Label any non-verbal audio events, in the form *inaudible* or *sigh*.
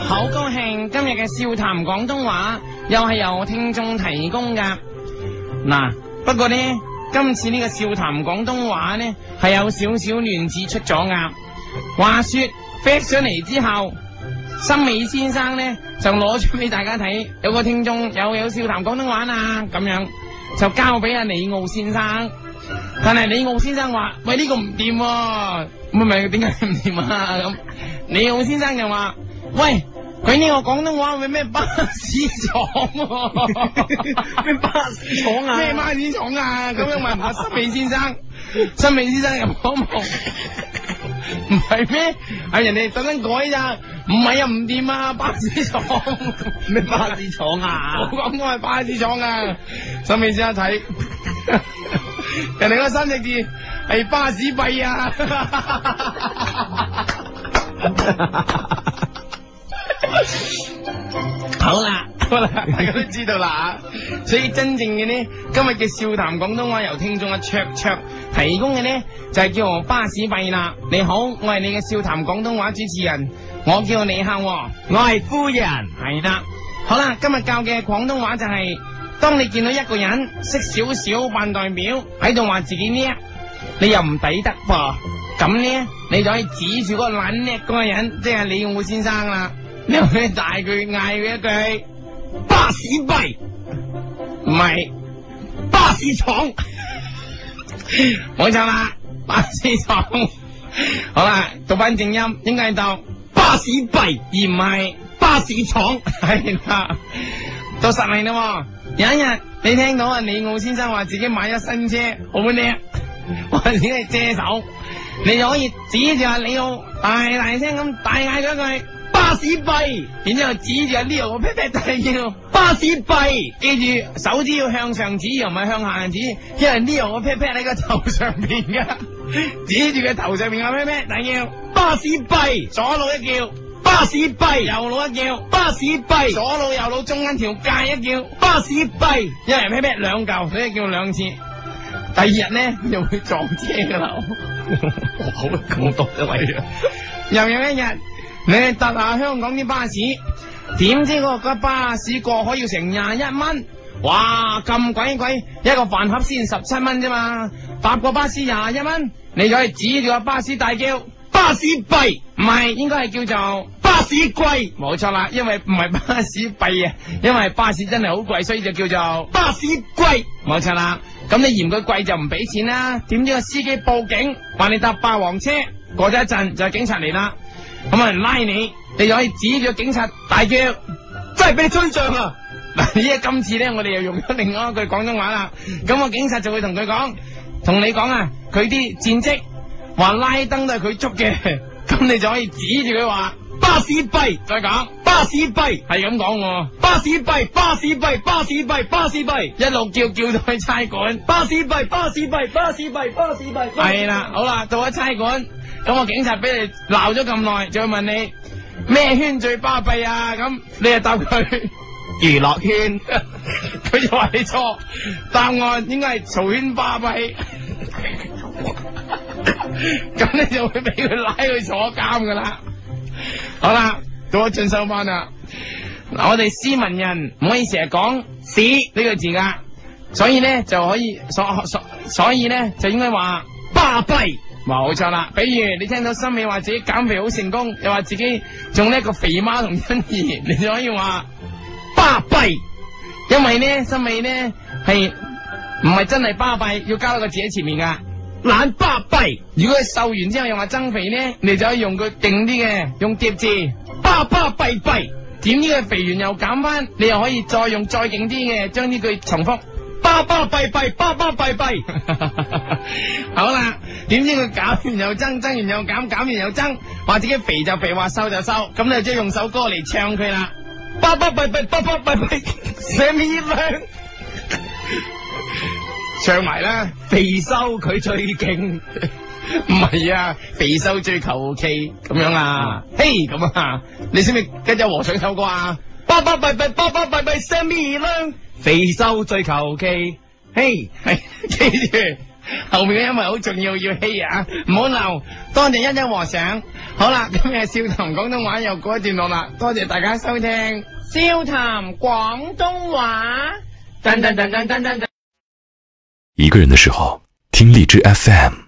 好高興今日嘅笑談廣東話又係由聽眾提供噶嗱，不過呢，今次呢個笑談廣東話呢係有少少亂子出咗鴨。話說 fax 上嚟之後，森美先生呢就攞出俾大家睇，有個聽眾有有笑談廣東話啊，咁樣就交俾阿李奧先生。但係李奧先生話：喂，呢、這個唔掂，唔明點解唔掂啊？咁、啊、李奧先生又話。喂，佢呢個廣東話，佢咩巴士廠啊？咩 *laughs* 巴士廠啊？咩巴士廠啊？咁樣問下森美先生，森美先生又講唔係咩？哎，人哋特登改咋，唔係又唔掂啊！巴士廠，咩 *laughs* 巴士廠啊？我講講係巴士廠啊！森美、啊啊、先生睇，人哋嗰三隻字係巴屎閉啊！ *laughs* *laughs* 大家都知道啦、啊，所以真正嘅呢，今日嘅笑談廣東話由聽眾阿卓卓提供嘅呢，就係、是、叫巴屎閉啦。你好，我係你嘅笑談廣東話主持人，我叫李克，我係夫人，係得。好啦，今日教嘅廣東話就係、是，當你見到一個人識少少扮代表喺度話自己叻，你又唔抵得噃。咁呢，你就可以指住嗰個卵叻嗰個人，即、就、係、是、李武先生啦，用啲大句嗌佢一句。巴屎閉，唔係巴士廠，冇 *laughs* 錯啦，巴士廠。 *laughs* 好啦，讀翻正音應，應該就巴屎閉而唔係巴士廠，係 *laughs* 啦，都實名啦。有一日你聽到阿李奧先生話自己買咗新車好叻，或者你借手，你就可以指住阿李奧，大大聲咁大嗌咗一句。巴屎閉，然之後指住阿 Leo 個咩咩，大叫巴屎閉，記住手指要向上指，又唔係向下指，因為 Leo 個咩咩喺個頭上邊噶，指住佢頭上邊個咩咩，大叫巴屎閉，左腦一叫巴屎閉，右腦一叫巴屎閉，左腦右腦中間條間條界一叫巴屎閉，因為咩咩兩嚿，所以叫兩次。第二日咧又會撞車噶啦，好咁多一位， *laughs* 又有一,一日。你搭下香港啲巴士，點知嗰個巴士過海要成廿一蚊？哇，咁鬼貴，一個飯盒先十七蚊啫嘛，搭個巴士廿一蚊。你就可以指住個巴士大叫巴士幣，唔係應該係叫做巴士貴，冇錯啦，因為唔係巴士幣啊，因為巴士真係好貴，所以就叫做巴士貴，冇錯啦。咁你嫌佢貴就唔俾錢啦，點知個司機報警，話你搭霸王車。過咗一陣就是、警察嚟啦。咁啊，人拉你，你就可以指住警察大叫，真係俾你吹脹啊！嗱， *music* 依家 *music* 今次咧，我哋又用咗另外一句廣東話啦。咁啊，警察就會同佢講，同你講啊，佢啲戰績話拉登都係佢捉嘅，咁 *laughs* 你就可以指住佢話。巴士弊，再講巴士弊係咁講喎，巴士弊巴士弊巴士弊巴士弊一路叫，叫到去差館，巴士弊巴士弊巴士弊巴士弊係啦，好啦，到咗差館。咁我警察俾你鬧咗咁耐，仲要問你咩圈最巴閉啊？咁你又答佢娛樂圈，佢就話你錯，答案應該係嘈圈巴閉，咁你就會俾佢拉去坐監噶啦。好啦，到我進修班啦。嗱，我哋斯文人唔可以成日講屎呢、這個字噶，所以咧就可以所所所以咧就應該話巴閉，冇錯、啊、啦。比如你聽到森美話自己減肥好成功，又話自己仲一個肥媽同欣宜，你就可以話巴閉，因為咧森美咧係唔係真係巴閉，要加到個字喺前面噶。懶巴閉，如果佢瘦完之後又話增肥呢，你就可以用佢勁啲嘅，用疊字，巴巴閉閉，點知佢肥完又減翻，你又可以再用再勁啲嘅，將呢句重複，巴巴閉閉，巴巴閉閉， *laughs* *laughs* 好啦，點知佢減完又增，增完又減，減完又增，話自己肥就肥，話瘦就瘦，咁你即係用首歌嚟唱佢啦，巴巴閉閉，巴巴閉閉，寫咩名？唱埋啦，肥修佢最勁，唔係啊，肥修最求其咁樣啊，嘿，咁啊，你識唔識跟隻和尚唱歌啊？巴巴閉閉，巴巴閉閉，森美啦，肥修最求其，嘿，記住後面嘅音樂好重要，要氣啊，唔好漏。多謝一尊和尚，好啦，今日笑談廣東話又過一段落啦，多謝大家收聽笑談廣東話，噔噔噔噔噔噔。一個人的時候，聽荔枝 FM。